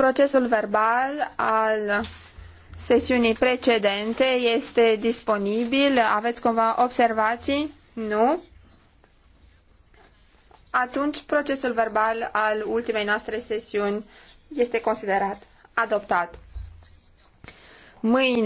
Procesul verbal al sesiunii precedente este disponibil. Aveți cumva observații? Nu? Atunci, procesul verbal al ultimei noastre sesiuni este considerat adoptat. Mâine